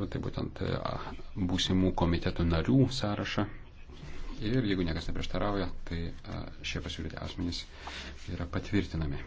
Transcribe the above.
Nu, tai būtent e, būsimų komitetų narių sąrašą. Ir jeigu niekas neprieštarauja, tai e, šie pasiūlyti asmenys yra patvirtinami.